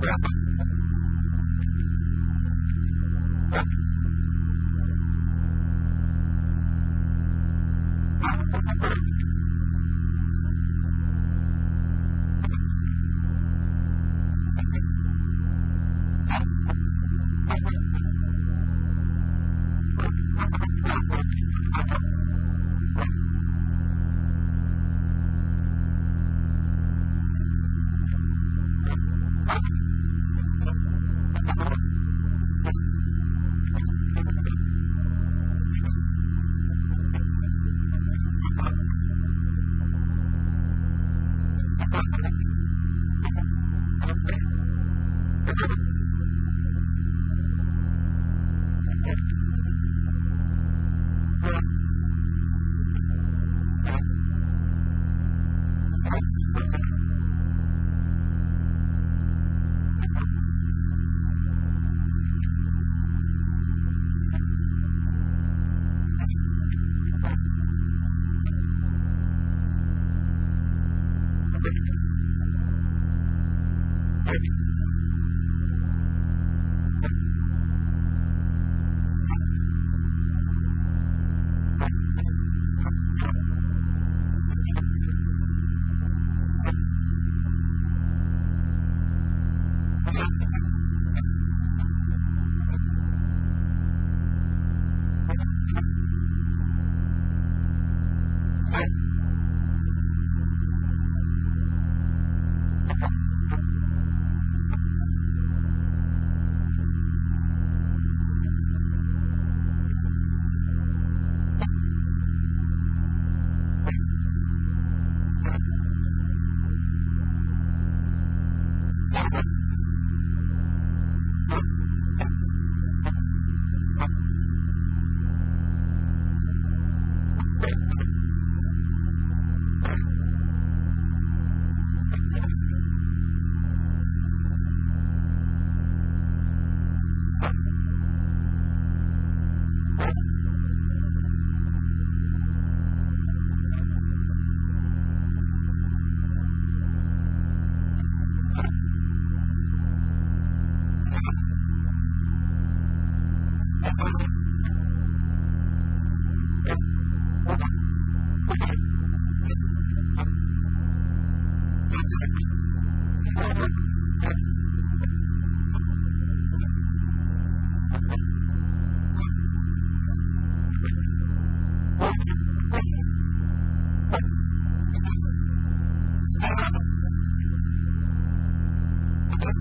crap.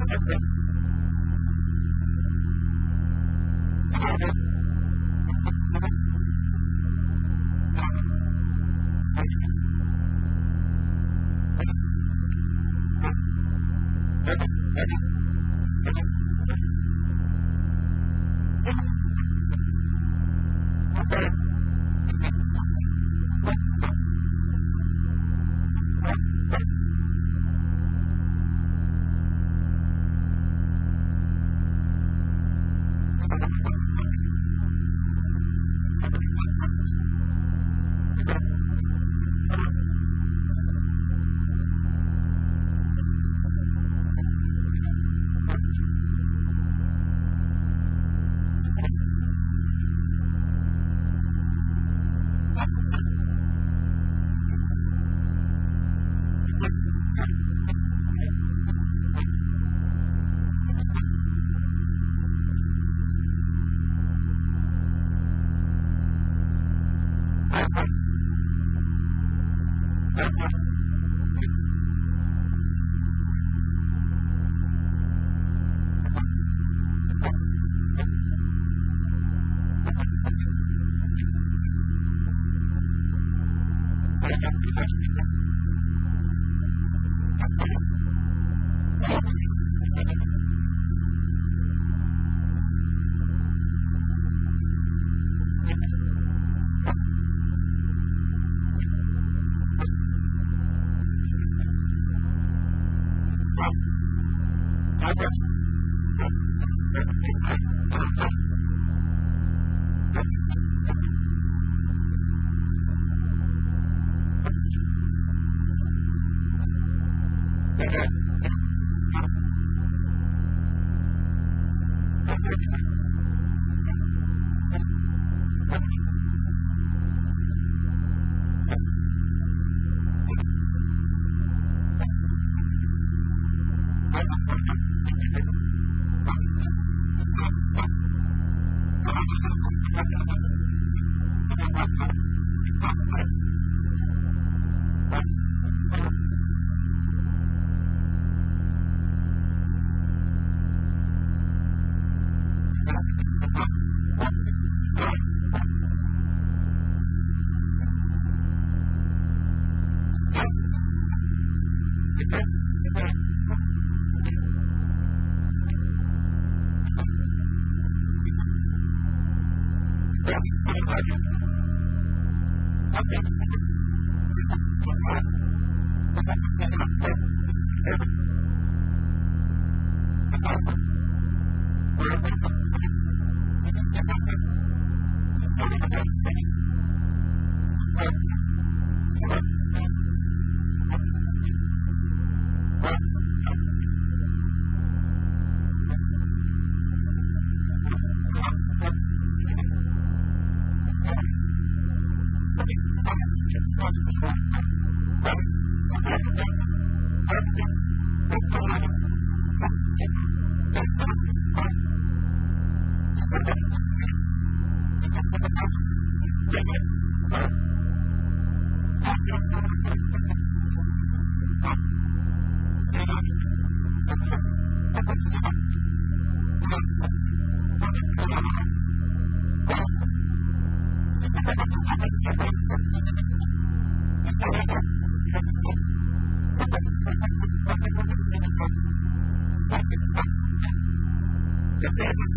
Thank you. Yeah. you. Thank you.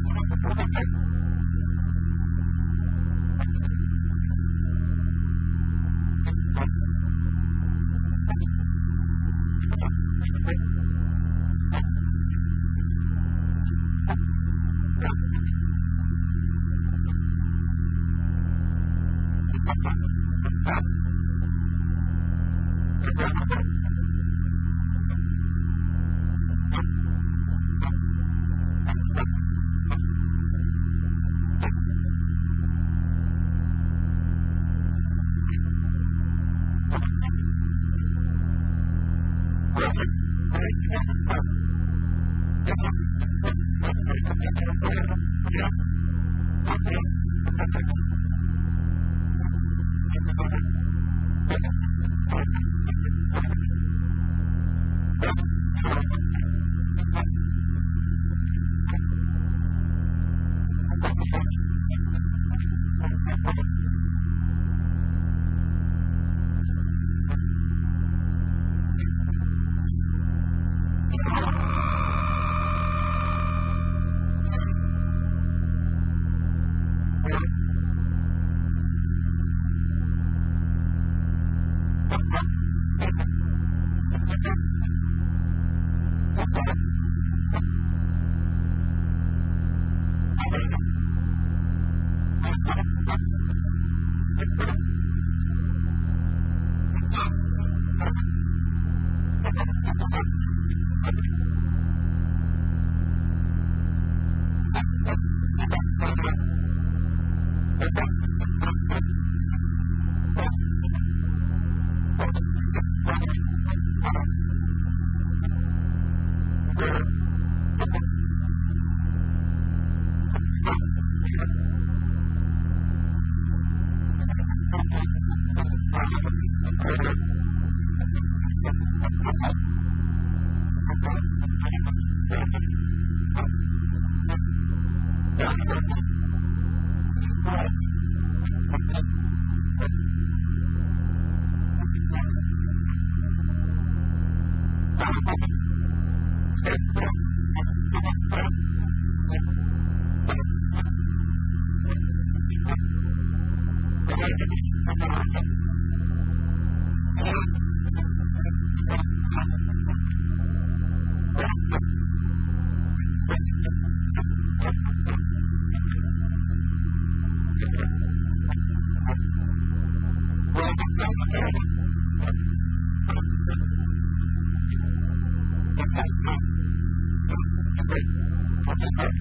Thank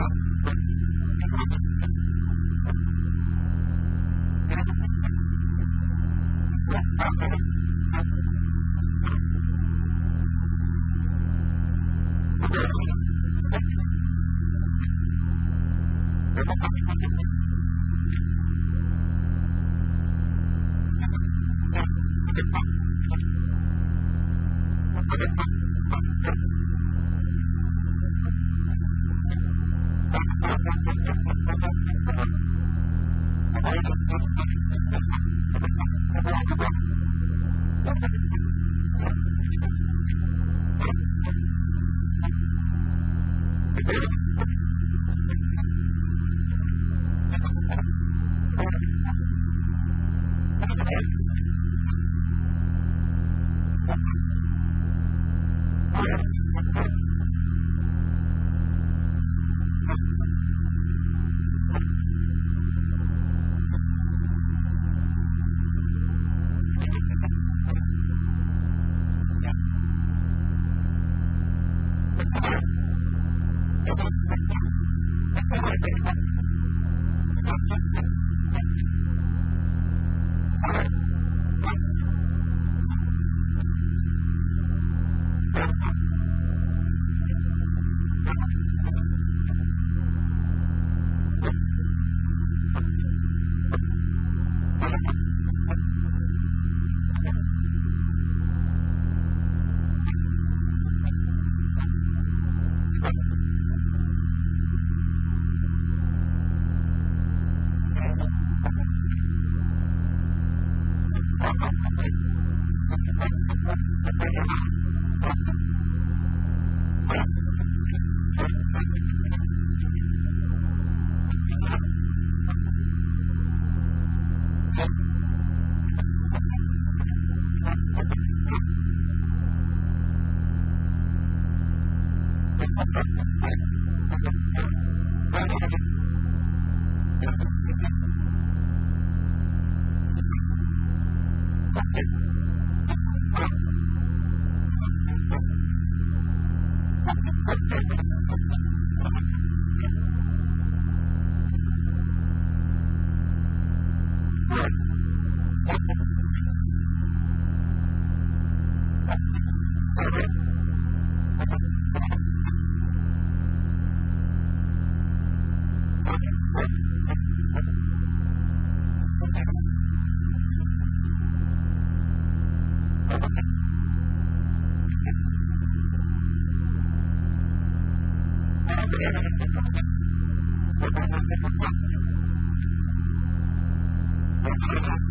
you. Thank you. Thank you.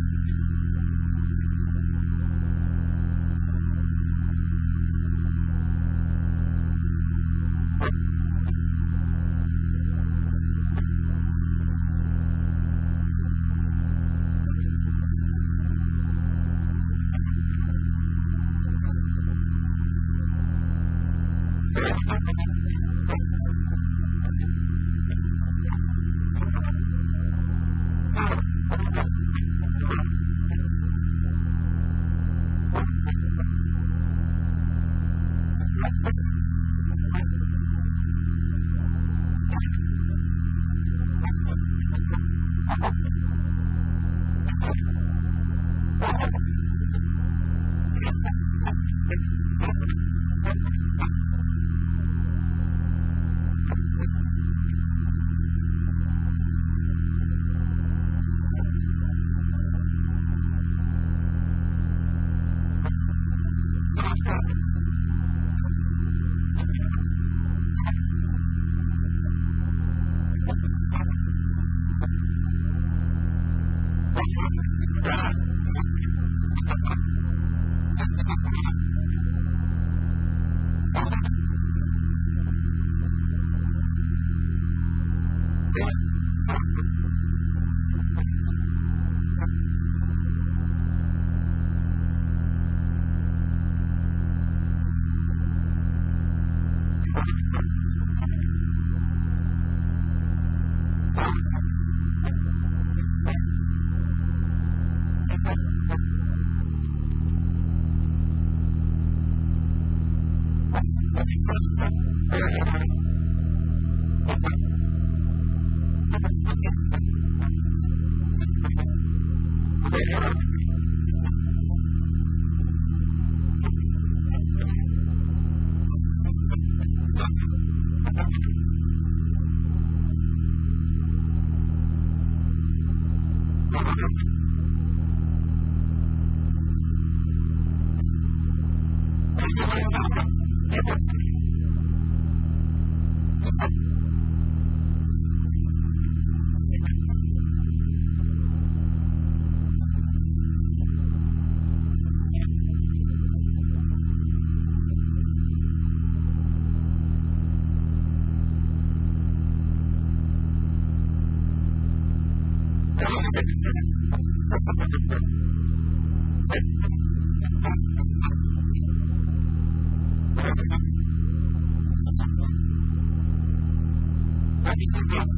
Thank you. Thank you.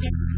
Thank you.